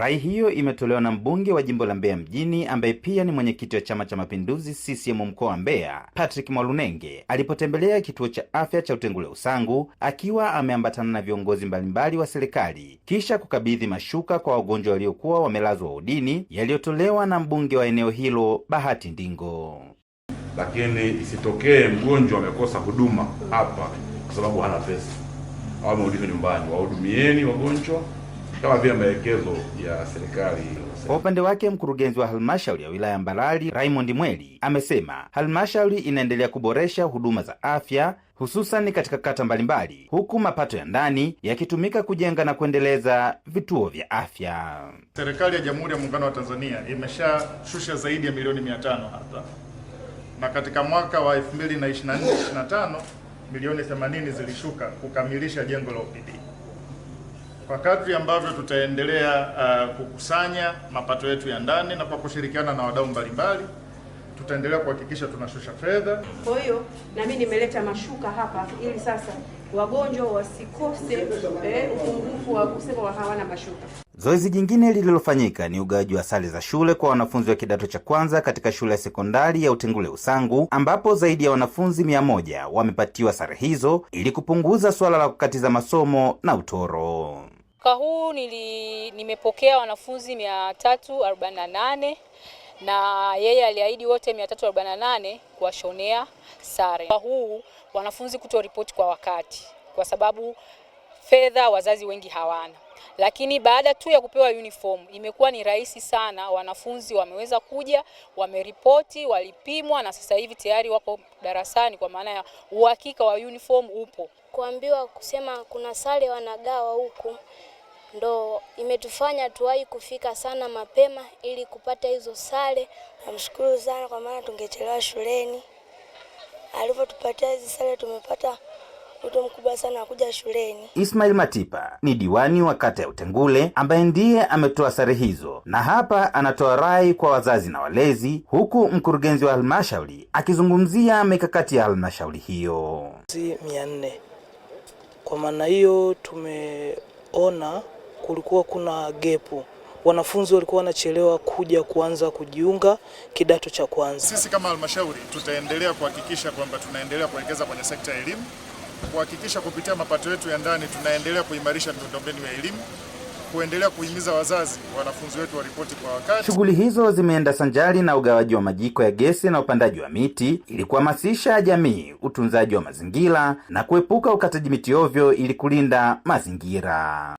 Rai hiyo imetolewa na mbunge wa jimbo la Mbeya mjini ambaye pia ni mwenyekiti wa Chama cha Mapinduzi CCM mkoa wa Mbeya, Patrick Mwalunenge alipotembelea kituo cha afya cha Utengule Usangu akiwa ameambatana na viongozi mbalimbali wa serikali, kisha kukabidhi mashuka kwa wagonjwa waliokuwa wamelazwa udini yaliyotolewa na mbunge wa eneo hilo Bahati Ndingo. Lakini isitokee mgonjwa amekosa huduma hapa kwa sababu hana pesa au nyumbani. Wahudumieni wagonjwa kama vile maelekezo ya serikali. Kwa upande wake mkurugenzi wa halmashauri ya wilaya Mbarali Raymond Mweli amesema halmashauri inaendelea kuboresha huduma za afya hususani katika kata mbalimbali, huku mapato ya ndani yakitumika kujenga na kuendeleza vituo vya afya. Serikali ya Jamhuri ya Muungano wa Tanzania imeshashusha zaidi ya milioni mia tano hapa na katika mwaka wa 2024 2025 milioni 80 zilishuka kukamilisha jengo la OPD. Kwa kadri ambavyo tutaendelea uh, kukusanya mapato yetu ya ndani na kwa kushirikiana na wadau mbalimbali tutaendelea kuhakikisha tunashusha fedha. Kwa hiyo na mimi nimeleta mashuka hapa ili sasa wagonjwa wasikose eh, upungufu wa kusema hawana mashuka. Zoezi jingine lililofanyika ni ugawaji wa sare za shule kwa wanafunzi wa kidato cha kwanza katika shule ya sekondari ya Utengule Usangu, ambapo zaidi ya wanafunzi mia moja wamepatiwa sare hizo ili kupunguza suala la kukatiza masomo na utoro. Mwaka huu nili, nimepokea wanafunzi 348 na yeye aliahidi wote 348 kuwashonea sare. Mwaka huu wanafunzi kutoripoti kwa wakati kwa sababu fedha wazazi wengi hawana, lakini baada tu ya kupewa uniform imekuwa ni rahisi sana. Wanafunzi wameweza kuja, wameripoti, walipimwa na sasa hivi tayari wako darasani, kwa maana ya uhakika wa uniform upo. Kuambiwa kusema kuna sare wanagawa huku ndo imetufanya tuwahi kufika sana mapema ili kupata hizo sare. Namshukuru sana kwa maana tungechelewa shuleni. Alivyotupatia hizi sare tumepata wito mkubwa sana wa kuja shuleni. Ismail Matipa ni diwani wa kata ya Utengule ambaye ndiye ametoa sare hizo, na hapa anatoa rai kwa wazazi na walezi, huku mkurugenzi wa halmashauri akizungumzia mikakati ya halmashauri hiyo. Si mia nne. Kwa maana hiyo tumeona kulikuwa kuna gepu, wanafunzi walikuwa wanachelewa kuja kuanza kujiunga kidato cha kwanza. Sisi kama halmashauri tutaendelea kuhakikisha kwamba tunaendelea kuwekeza kwenye sekta ya elimu, kuhakikisha kupitia mapato yetu ya ndani tunaendelea kuimarisha miundombinu ya elimu kuendelea kuhimiza wazazi wanafunzi wetu waripoti kwa wakati. Shughuli hizo zimeenda sanjari na ugawaji wa majiko ya gesi na upandaji wa miti ili kuhamasisha jamii utunzaji wa mazingira na kuepuka ukataji miti ovyo ili kulinda mazingira.